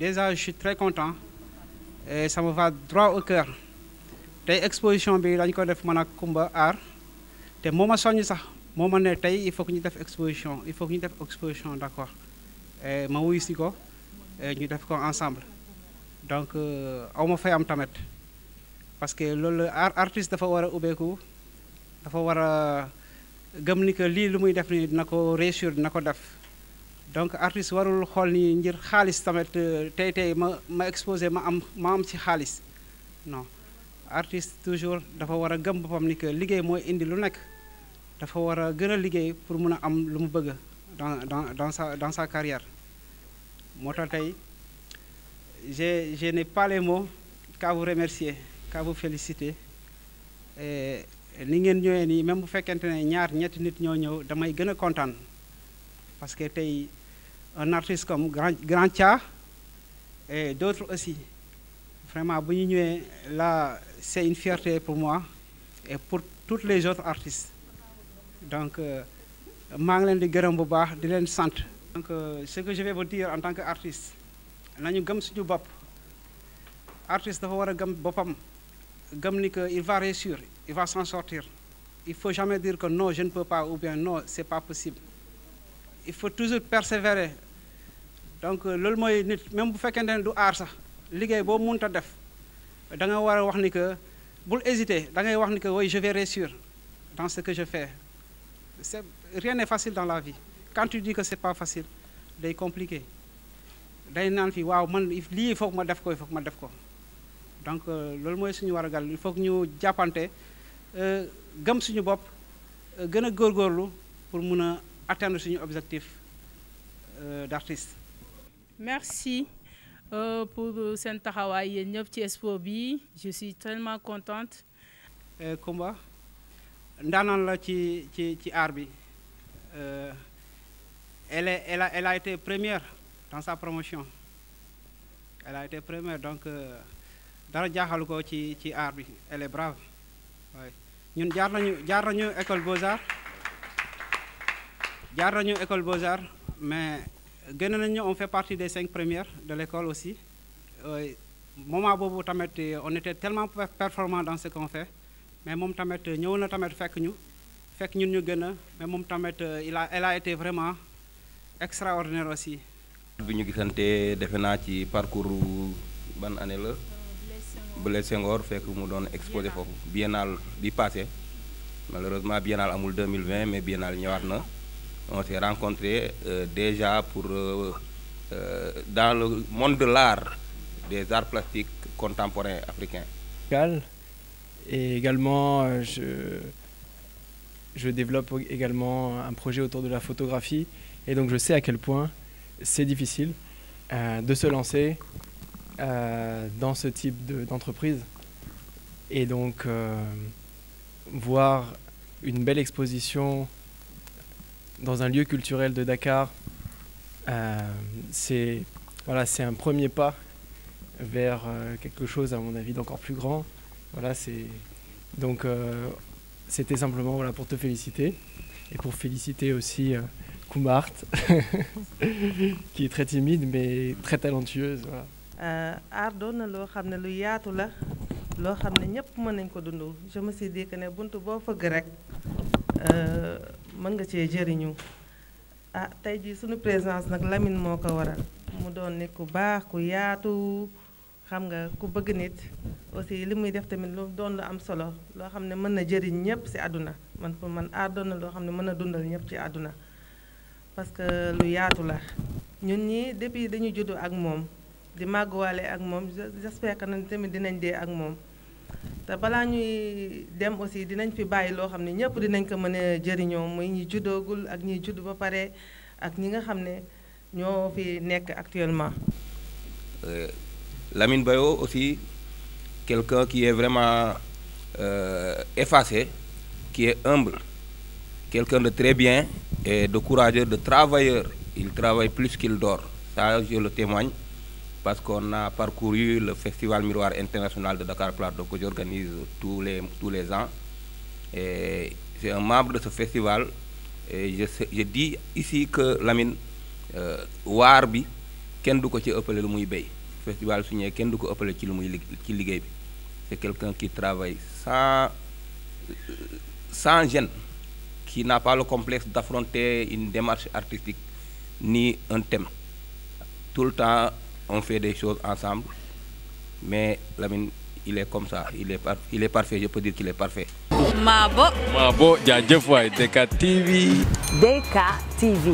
déjà je suis très content et ça me va droit au cœur tey exposition bi dañ ko def mën ak Kumba aar te moom ma soññ sax moo ma ne tey il faut que ñu def exposition il faut que ñu def exposition d'accord ma wuyu si ko ñu def ko ensemble donc euh, aw ma fay am tamit parce que loolu art artiste dafa war a ubbeeku dafa war a gëm ni que lii lu muy def nii dina ko réussir dina ko def donc artiste warul xool ni ngir xaalis tamit euh, tey tey ma ma exposé ma am ma am ci xaalis non artiste toujours dafa war a gëm boppam ni que liggéey mooy indi lu nekk dafa war a gën a liggéey pour mun a am lu mu bëgg dans dans dans sa dans sa carrière moo tax tey je je n'ai pas remercier qu'à vous féliciter ni ngeen ñëwee nii même bu fekkente ne ñaar ñetti nit ñoo ñëw damay gën a kontaan parce tey un artiste comme Grand Grand Tia et d'autres aussi vraiment bu ñu ñëwee la c'est une fierté pour moi et pour toutes les autres artistes donc euh, maa ngi leen di gërëm bu baax di leen sant. donc euh, ce que je vais vous dire en tant qu'artiste nañu gëm suñu bopp artiste dafa war a gëm boppam gëm ni que il va réussir il va s'en sortir il faut jamais dire que non je ne peux pas ou bien non c'est pas possible. il faut toujours persévérer donc euh, loolu mooy nit même bu fekkente ne du aar sax liggéey boo mënut a def da nga war a wax ni que bul hésiter da ngay wax ni que oui je vais réussir dans ce que je fais c'est rien n'est facile dans la vie quand tu dis que c'est pas facile day compliqué day naan fii waaw man lii il faut ma def ko il faut ma def ko donc euh, loolu mooy suñu war a gal il foog que ñu jàppante euh, gëm suñu bopp gën a góorgóorlu pour mun a atteindre suñu objectif euh, d'artiste. merci euh, pour euh, seen taxawaay yéen ñëpp ci expo bi je suis tellement contente. Euh, Kumba ndaanaan la ci ci ci art bi elle est elle a elle a été première dans sa promotion elle a été première donc dara jaaxal ko ci ci art bi elle est brave waaye ñun jaar nañu jaar nañu école Beaux-Arts. jaar nañu école beaux arts mais génn nañu on fait partie des cinq premières de l'école aussi euh, moment boobu tamit euh, on était tellement performant dans ce qu'on mais moom tamit euh, ñëw na tamit fekk ñu fekk ñun ñu gën a mais moom tamit il a elle a été vraiment extraordinaire aussi. bi ñu gisantee defe naa ci parcours ban année la. Blaise Senghor fekk mu doon exposé foofu biennale bi passé malheureusement biennale amul 2020 mais biennale ñëwaat na. on s'est rencontré euh, déjà pour euh, euh, dans le monde de l'art, des arts plastiques contemporains africains. Et également, euh, je, développe également un projet autour de la photographie. Et donc, je sais à quel point c'est difficile euh, de se lancer euh, dans ce type d'entreprise. De, et donc, voir une belle exposition dans un lieu culturel de Dakar, euh, c'est voilà, un premier pas vers euh, quelque chose, à mon avis, d'encore plus grand. Voilà, Donc, euh, c'était simplement voilà, pour te féliciter et pour féliciter aussi euh, Koumart, qui est très timide mais très talentueuse. Voilà. Je me suis dit rek euh, mën nga cee jëriñu ah tey jii suñu présence nag Lamine moo ko waral mu doon nit ku baax ku yaatu xam nga ku bëgg nit aussi li muy def tamit lu doon lu am solo loo xam ne mën na jëriñ ñëpp ci àdduna man pour man aar doon na loo xam ne mën na dundal ñëpp ci àdduna parce que lu yaatu la ñun ñi depuis dañu juddu ak moom di màgguwaale ak moom j'espère que tamit dinañ dee ak moom te balaa ñuy dem aussi dinañ fi bàyyi loo xam ne ñëpp dinañ ko mën a jëriñoo muy ñu juddoogul ak ñuy judd ba pare ak ñi nga xam ne ñoo fi nekk actuellement. Euh, Lamine Bayo aussi quelqu'un qui est vraiment euh, effacé qui est humble quelqu'un de très bien et de courageur de travailleur il travaille plus qu'il dort ça je le témoigne parce que a parcouru le Festival Miroir International de Dakar Plateau que j'organise tous les, tous les ans. Et j'ai un membre de ce festival et je, je dis ici que Lamine euh, waar bi kenn du ko ci ëppale lu muy béy festival su ñëwee kenn du ko ëppale ci lu muy li ci liggéey bi c'est quelqu'un qui travaille sans sans gêne qui n'a pas le complexe d'affronter une démarche artistique ni un thème tout le temps on fait des choses ensemble mais Lamine il est comme ça il est par il est parfait je peux dire qu'il est parfait. Maabo. Maabo jaajëf waay DK TV. DK TV.